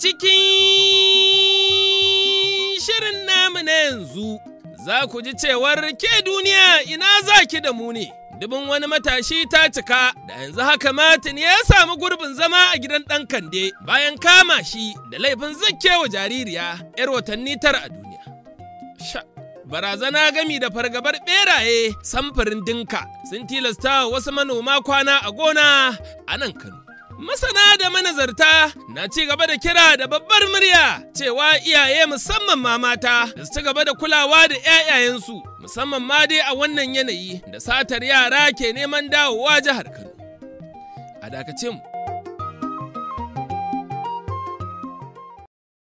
cikin shirin namu na yanzu za ku ji cewar ke duniya ina za ki da mu ne. Dubin wani matashi ta cika da yanzu haka Martin ya samu gurbin zama a gidan ɗan kande bayan kama shi da laifin zakkewa jaririya 'yar watanni tara a duniya. barazana gami da fargabar beraye samfurin dinka sun tilasta wasu manoma kwana a gona a nan Kano. Masana da manazarta na ci gaba da kira da babbar murya cewa iyaye musamman ma mata da su ci gaba da kulawa da 'ya'yayensu musamman ma dai a wannan yanayi da satar yara ke neman dawowa jihar Kano. A dakacin.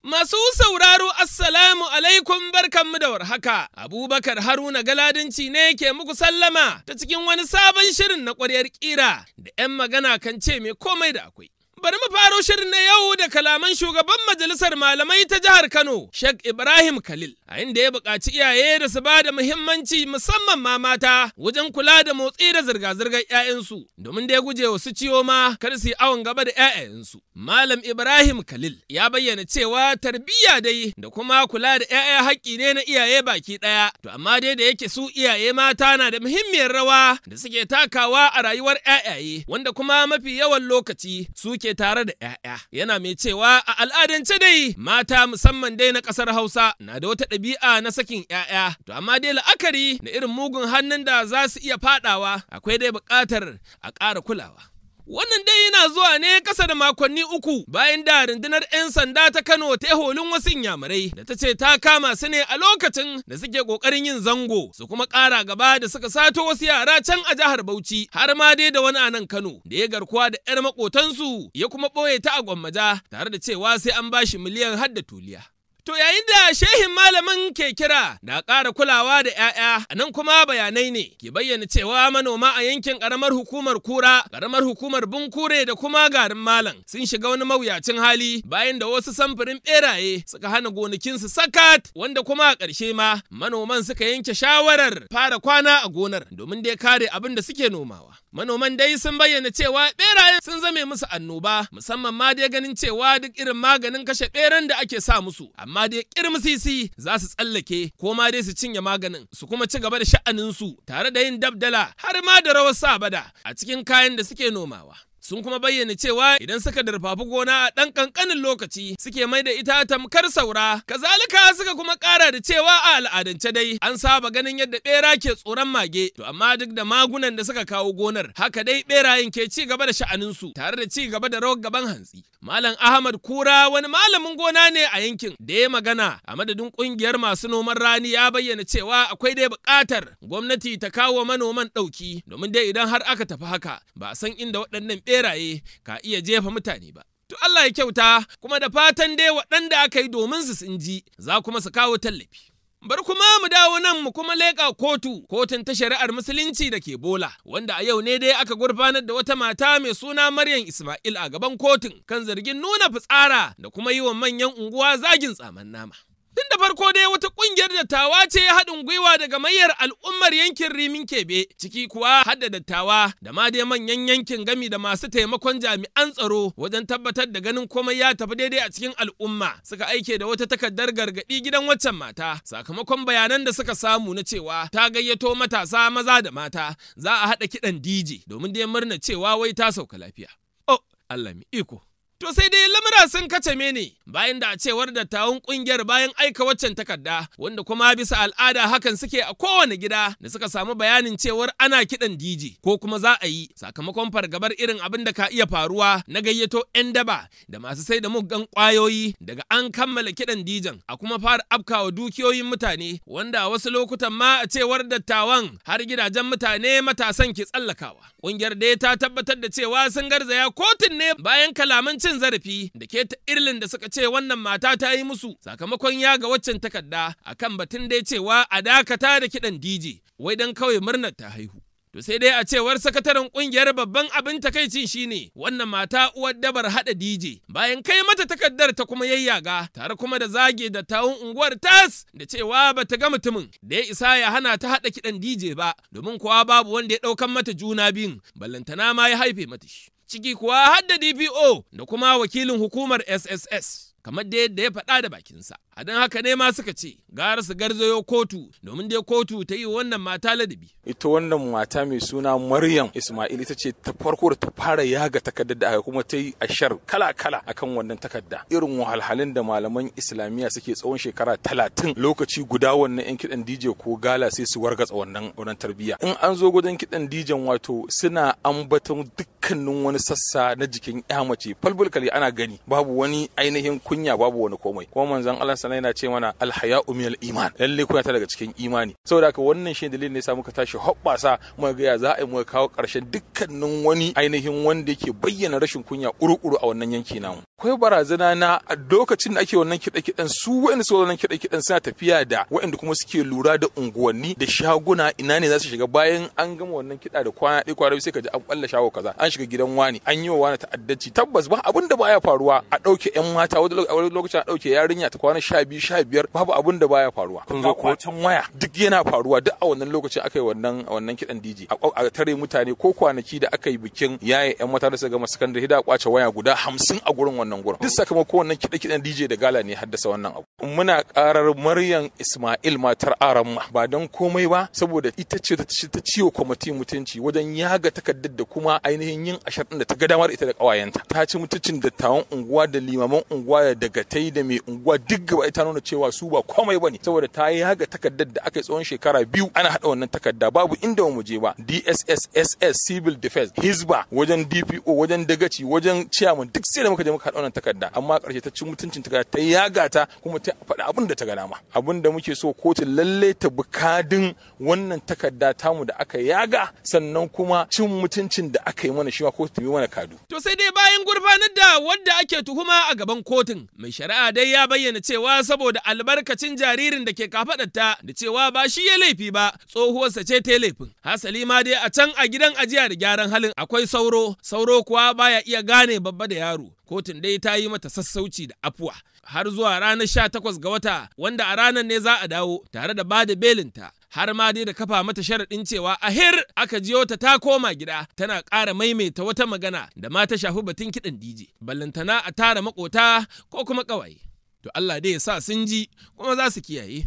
Masu sauraro Assalamu alaikum barkanmu da warhaka, Abubakar Haruna Galadinci ne ke muku sallama ta cikin wani sabon shirin na ƙwaryar ƙira da ‘yan magana kan ce mai komai da akwai. bari mu faro shirin na yau da kalaman shugaban majalisar malamai ta jihar Kano, Sheikh Ibrahim Khalil, a inda ya buƙaci iyaye da su ba da muhimmanci musamman ma mata wajen kula da motsi da zirga-zirgar 'ya'yansu, domin da ya guje wa su ciwo ma kar su yi awon gaba da 'ya'yansu. Malam Ibrahim Khalil ya bayyana cewa tarbiyya dai da kuma kula da 'ya'ya haƙƙi ne na iyaye baki ɗaya, to amma dai da yake su iyaye mata na da muhimmiyar rawa da suke takawa a rayuwar 'ya'yaye, wanda kuma mafi yawan lokaci suke tare da 'ya'ya yana mai cewa a al'adance dai mata musamman dai na ƙasar hausa na da wata ɗabi'a na sakin 'ya'ya to amma dai la'akari na irin mugun hannun da za su iya faɗawa akwai dai buƙatar a ƙara kulawa Wannan dai yana zuwa ne kasa da makonni uku bayan da rundunar 'yan sanda ta Kano ta yi holin wasu inyamurai da ta ce ta kama su ne a lokacin da suke ƙoƙarin yin zango su kuma ƙara gaba da suka sato wasu yara can a jihar Bauchi har ma dai da wani a nan Kano da ya garkuwa da 'yar makotansu ya kuma ɓoye ta a gwammaja tare da cewa sai an bashi miliyan har da tuliya. To yayin da shehin malamin ke kira na ƙara kulawa da 'ya'ya a nan kuma bayanai ne ke bayyana cewa manoma a yankin ƙaramar hukumar kura ƙaramar hukumar bunkure da kuma garin malam sun shiga wani mawuyacin hali bayan da wasu samfurin ɓeraye suka hana gonakinsu sakat wanda kuma a ƙarshe ma manoman suka yanke shawarar fara kwana a gonar domin dai kare abin da suke nomawa. Manoman dai sun bayyana cewa ɓerayen sun zame musu annoba musamman ma dai ganin cewa duk irin maganin kashe ɓeran da ake sa musu amma amma dai kirmisisi za su tsallake ko ma dai su cinye maganin su kuma ci gaba da sha'aninsu tare da yin dabdala har ma da rawar sa bada a cikin kayan da suke nomawa. sun kuma bayyana cewa idan suka darfafi gona a ɗan ƙanƙanin lokaci suke mai da ita tamkar saura kazalika suka kuma ƙara da cewa a al'adance dai an saba ganin yadda ɓera ke tsoron mage to amma duk da magunan da suka kawo gonar haka dai ɓerayen ke ci gaba da sha'aninsu tare da ci gaba da rawar gaban hantsi malam ahmad kura wani malamin gona ne a yankin da ya magana a madadin ƙungiyar masu noman rani ya bayyana cewa akwai dai buƙatar gwamnati ta kawo manoman ɗauki domin dai idan har aka tafi haka ba san inda waɗannan beraye ka iya jefa mutane ba. To Allah ya kyauta kuma da fatan dai waɗanda aka yi domin su sun ji za kuma su kawo tallafi. Bar kuma mu dawo nan mu kuma leƙa kotu, kotun ta shari'ar musulunci da ke bola, wanda a yau ne dai aka gurfanar da wata mata mai suna Maryam Ismail a gaban kotun kan zargin nuna fitsara da kuma yi wa manyan unguwa zagin tsaman nama. Tun da farko dai wata ƙungiyar dattawa ce haɗin gwiwa daga mayar al'ummar yankin Rimin Kebe, ciki kuwa hadda dattawa da ma dai manyan yankin gami da masu taimakon jami'an tsaro wajen tabbatar da ganin komai ya tafi daidai a cikin al'umma suka aike da wata takardar gargaɗi gidan waccan mata sakamakon bayanan da suka samu na cewa ta gayyato matasa maza da mata za a haɗa kiɗan DJ domin dai murna cewa wai ta sauka lafiya. Oh, Allah mi iko. To sai dai lamura sun kace mene bayan da a cewar dattawan kungiyar bayan aika waccan takarda wanda kuma bisa al'ada hakan suke a kowane gida da suka samu bayanin cewar ana kidan DJ ko kuma za a yi sakamakon fargabar irin abin da ka iya faruwa na gayyato 'yan daba da masu sai da muggan kwayoyi daga an kammala kidan dijan a kuma fara afkawa dukiyoyin mutane wanda a wasu lokutan ma a cewar dattawan har gidajen mutane matasan ke tsallakawa. Kungiyar dai ta tabbatar da cewa sun garzaya kotun ne bayan kalaman cin zarafi da ke ta irlin da suka ce wannan mata ta yi musu sakamakon ya ga waccan takarda a kan batun dai cewa a dakata da kiɗan DJ wai dan kawai murnar ta haihu. To sai dai a cewar sakataren kungiyar babban abin takaicin shine wannan mata uwar dabar hada dije bayan kai mata takardar ta kuma yayyaga tare kuma da zage da tawun unguwar tas da cewa ba ta ga mutumin da ya isa ya hana ta haɗa kiɗan DJ ba domin kuwa babu wanda ya daukan mata juna biyun ballantana ma ya haife mata shi. ciki kuwa har da DPO da kuma wakilin hukumar SSS kamar da yadda ya faɗa da bakinsa. a don haka ne ma suka ce gara su garzayo kotu domin dai kotu ta yi wannan mata ladabi ita wannan mata mai suna maryam ismail ita ce ta farko da ta fara yaga takardar da aka kuma ta yi ashar kala kala akan wannan takarda irin wahalhalun da malaman islamiyya suke tsawon shekara talatin lokaci guda wannan yan kiɗan dj ko gala sai su wargatsa wannan wannan tarbiyya in an zo gudan kiɗan dj wato suna ambaton dukkanin wani sassa na jikin ya mace falbulkali ana gani babu wani ainihin kunya babu wani komai kuma manzon Allah sannan yana ce mana alhaya'u umiyar iman lalle kuna ta daga cikin imani saboda haka wannan shi dalilin ne sa muka tashi hoɓɓasa mu ga ya za a yi mu kawo ƙarshen dukkanin wani ainihin wanda yake bayyana rashin kunya ƙuruƙuru a wannan yanki namu akwai barazana na a lokacin da ake wannan kiɗe-kiɗen su wani su wannan kiɗe-kiɗen suna tafiya da wa'inda kuma suke lura da unguwanni da shaguna ina ne za su shiga bayan an gama wannan kiɗa da kwana ɗaya kwana sai ka ji an ɓalla shago kaza an shiga gidan wani an yi wa wani ta'addanci tabbas ba abin da baya faruwa a ɗauke 'yan mata wani lokacin a ɗauke yarinya ta kwana sha biyu sha biyar babu abun da baya faruwa kun zo kwacin waya duk yana faruwa duk a wannan lokacin aka yi wannan wannan kidan DJ a tare mutane ko kwanaki da aka yi bikin yaye yan mata da suka gama sakandare hida kwace waya guda hamsin a gurin wannan gurin duk sakamako wannan kidan kidan DJ da gala ne haddasa wannan abu muna karar Maryam Ismail matar Aramma ba don komai ba saboda ita ce ta ciwo kwamiti mutunci wajen yaga takardar da kuma ainihin yin ashar da ta ga damar ita da kawayenta ta ci mutuncin dattawan unguwa da limaman unguwa da dagatai da mai unguwa duk gaba ai ta nuna cewa su ba komai bane saboda ta yi haga takardar da aka yi tsawon shekara biyu ana hada wannan takarda babu inda mu je ba DSS SS Civil Defense Hizba wajen DPO wajen Dagaci wajen Chairman duk sai da muka je muka hada wannan takarda amma karshe ta ci mutuncin ta ta yaga ta kuma ta faɗa abin da ta ga dama abin da muke so kotu lalle ta bukadin wannan takarda mu da aka yaga sannan kuma cin mutuncin da aka yi mana shi ma kotun mana kadu to sai dai bayan gurbanar da wanda ake tuhuma a gaban kotun mai shari'a dai ya bayyana cewa kuwa saboda albarkacin jaririn da ke kafaɗarta da cewa ba shi ya laifi ba tsohuwarsa ce ta laifin. Hasali ma dai a can a gidan ajiya da gyaran halin akwai sauro, sauro kuwa baya iya gane babba da yaro. Kotun dai ta yi mata sassauci da afuwa. Har zuwa ranar sha takwas ga wata wanda a ranar ne za a dawo tare da ba bada belinta. har ma dai da kafa mata sharaɗin cewa a hir aka jiyo ta ta koma gida tana ƙara maimaita wata magana da ma ta shafi batun kiɗan DJ ballantana a tara makota ko kuma ƙawaye. to Allah dai ya sa sun ji kuma za su kiyaye.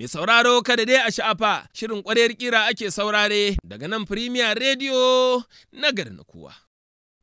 Mai sauraro kada dai a sha'afa shirin kwarar ƙira ake saurare daga nan Premier Radio na garin kowa.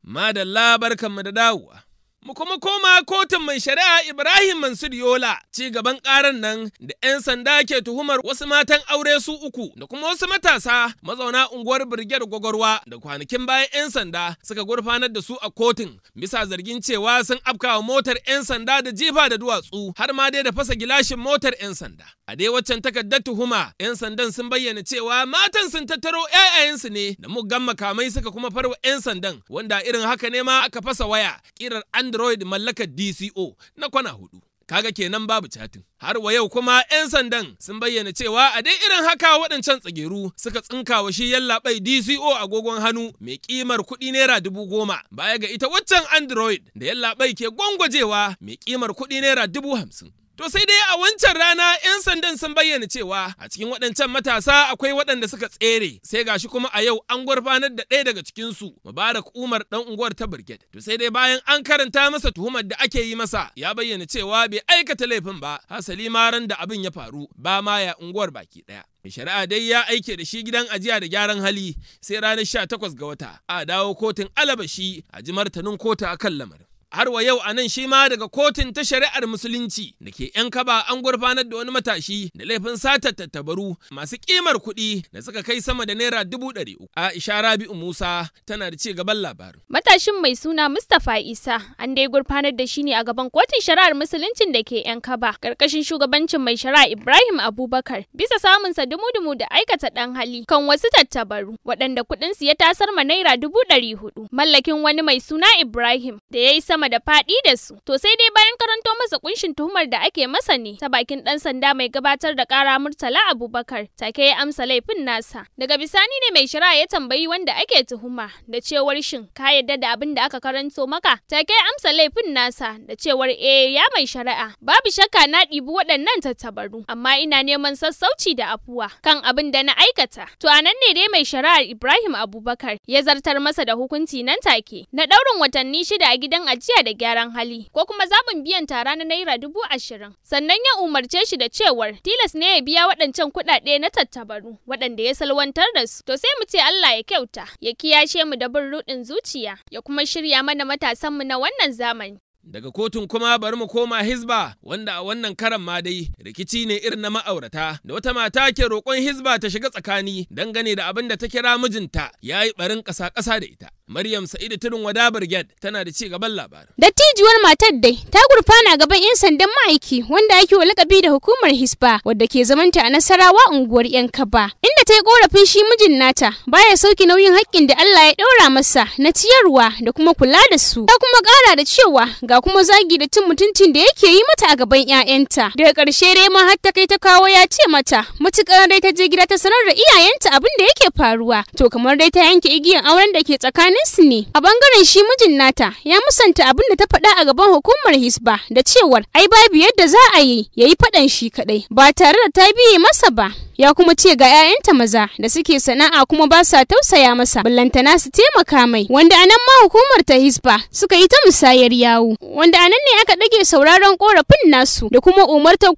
Madalla barkanmu da dawowa. Mu kuma koma kotun mai shari'a Ibrahim Mansur Yola ci gaban ƙaran nan da 'yan sanda ke tuhumar wasu matan aure su uku da kuma wasu matasa mazauna unguwar Birgiyar Gwagwarwa da kwanakin bayan 'yan sanda suka gurfanar da su a kotun bisa zargin cewa sun afkawa motar 'yan sanda da jifa da duwatsu har ma dai da fasa gilashin motar 'yan sanda. A dai waccan takardar tuhuma, 'yan sandan sun bayyana cewa matan sun tattaro 'ya'yayensu ne da muggan makamai suka kuma farwa 'yan sandan wanda irin haka ne ma aka fasa waya kirar Android mallakar DCO na kwana hudu. Kaga kenan babu catin. Har wa yau kuma 'yan sandan sun bayyana cewa a dai irin haka waɗancan tsageru suka tsinkawa shi yallaɓai DCO agogon hannu mai ƙimar kuɗi naira dubu goma baya ga ita waccan Android da yallaɓai ke gwangwajewa mai ƙimar kuɗi naira dubu hamsin. To sai dai a wancan rana 'yan sandan sun bayyana cewa a cikin waɗancan matasa akwai waɗanda suka tsere sai gashi kuma a yau an gurfanar da ɗaya daga cikinsu Mubarak Umar ɗan unguwar ta Birgit. To sai dai bayan an karanta masa tuhumar da ake yi masa ya bayyana cewa bai aikata laifin ba hasali ma ran da abin ya faru ba ma ya unguwar baki ɗaya. Mai shari'a dai ya aike da shi gidan ajiya da gyaran hali sai ranar 18 ga wata a dawo kotun alabashi a ji martanin kotu akan lamarin. har wa yau a nan shi ma daga kotun ta shari'ar musulunci da ke 'yan kaba an gurfanar da wani matashi da laifin sata tattabaru masu kimar kuɗi da suka kai sama da naira dubu ɗari uku. Aisha Rabi'u Musa tana da ci gaban labarin. Matashin mai suna Mustapha Isa an dai gurfanar da shi ne a gaban kotun shari'ar musuluncin da ke 'yan kaba ƙarƙashin shugabancin mai shari'a Ibrahim Abubakar bisa samunsa dumu-dumu da aikata ɗan hali kan wasu tattabaru waɗanda kuɗinsu ya tasar ma naira dubu ɗari hudu mallakin wani mai suna Ibrahim da ya yi sama sama da faɗi da su. To sai dai bayan karanto masa kunshin tuhumar da ake masa ne ta bakin ɗan sanda mai gabatar da kara Murtala Abubakar take ya amsa laifin nasa. Daga bisani ne mai shari'a ya tambayi wanda ake tuhuma da cewar shin ka yadda da abin da aka karanto maka? Take ya amsa laifin nasa da cewar eh ya mai shari'a. Babu shakka na ɗibi waɗannan tattabaru amma ina neman sassauci da afuwa kan abin da na aikata. To a nan ne dai mai shari'ar Ibrahim Abubakar ya zartar masa da hukunci nan take na ɗaurin watanni shida a gidan aji jiya da gyaran hali ko kuma zaɓin biyan tara na naira dubu ashirin sannan ya umarce shi da cewar tilas ne ya biya waɗancan kuɗaɗe na tattabaru waɗanda ya salwantar da su to sai mu ce Allah ya kyauta ya kiyashe mu da bin ruɗin zuciya ya kuma shirya mana matasan mu na wannan zamani. Daga kotun kuma bari mu koma Hizba wanda a wannan karan ma dai rikici ne irin na ma'aurata da wata mata ke roƙon Hizba ta shiga tsakani dangane da abin da ta kira mijinta ya yi ɓarin ƙasa-ƙasa da ita. Maryam Sa'idu Tudun Wada Brigade tana da ci gaban labarin. Dattijuwar matar dai ta gurfana gaban 'yan sandan ma'aiki wanda ake wa lakabi da hukumar Hisba wadda ke zamanta a Nasarawa unguwar 'yan Kaba. Inda ta yi korafin shi mijin nata baya sauki nauyin haƙƙin da Allah ya ɗaura masa na ciyarwa da kuma kula da su. Ta kuma ƙara da cewa ga kuma zagi da cin mutuncin da yake yi mata a gaban 'ya'yanta. Daga ƙarshe dai ma har ta kai ta kawo ya ce mata matuƙar dai ta je gida ta sanar da iyayenta abin da yake faruwa. To kamar dai ta yanke igiyan auren da ke tsakanin su ne a bangaren shi mijin nata ya musanta abin da ta faɗa a gaban hukumar hisba da cewar ai babu yadda za a yi yayi faɗan shi kaɗai ba tare da ta biye masa ba ya kuma ce ga 'ya'yanta maza da suke sana'a kuma ba sa tausaya masa ballantana su taimaka mai wanda anan ma hukumar ta hisba suka yi ta musayar yawo wanda anan ne aka ɗage sauraron korafin nasu da kuma umartar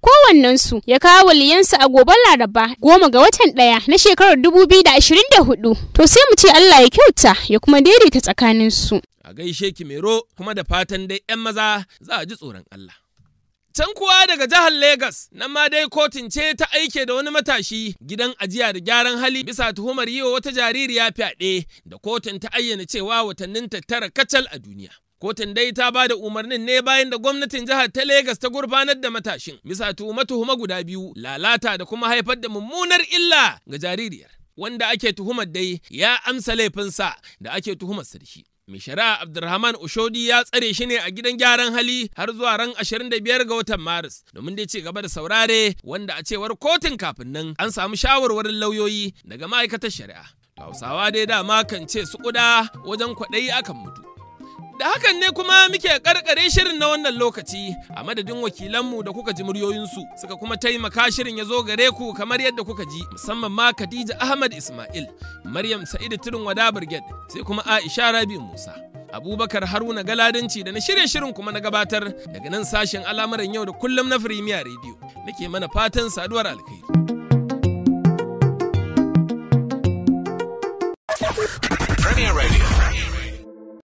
su ya kawo waliyansa a gobe laraba goma ga watan ɗaya na shekarar dubu biyu da da ashirin hudu. to sai mu ce allah ya kyauta ya kuma daidaita tsakanin su a gaishe ki kuma da fatan dai 'yan maza za a ji tsoron allah Can kuwa daga jihar Legas, nan ma dai kotun ce ta aike da wani matashi gidan ajiya da gyaran hali bisa tuhumar yi wa wata jaririya fyaɗe da kotun ta ayyana cewa watannin ta tara kacal a duniya. Kotun dai ta ba da umarnin ne bayan da gwamnatin jihar ta Legas ta gurbanar da matashin bisa tuhume tuhuma guda biyu lalata da kuma haifar da mummunar illa ga jaririyar wanda ake tuhumar dai ya amsa laifinsa da ake tuhumar sarki. Mai shari'a Abdulrahman Ushodi ya tsare shi ne a gidan gyaran hali har zuwa ran 25 ga watan Maris domin dai ci gaba da saurare wanda a cewar kotun kafin nan an samu shawarwarin lauyoyi daga ma'aikatar shari'a. Hausawa dai dama kan ce su kuda wajen kwaɗayi akan mutu. Da hakan ne kuma muke karkare shirin na wannan lokaci a madadin wakilanmu da kuka ji muryoyinsu suka kuma taimaka shirin ya zo gare ku kamar yadda kuka ji musamman ma Khadija Ahmad Ismail, Maryam Sa'idu Turin Wada Brigade sai kuma Aisha Rabi Musa. Abubakar Haruna Galadanci da na shirya shirin kuma na gabatar daga nan sashen al'amuran yau da kullum na Firimiya Radio. Nake mana fatan saduwar alkhairi.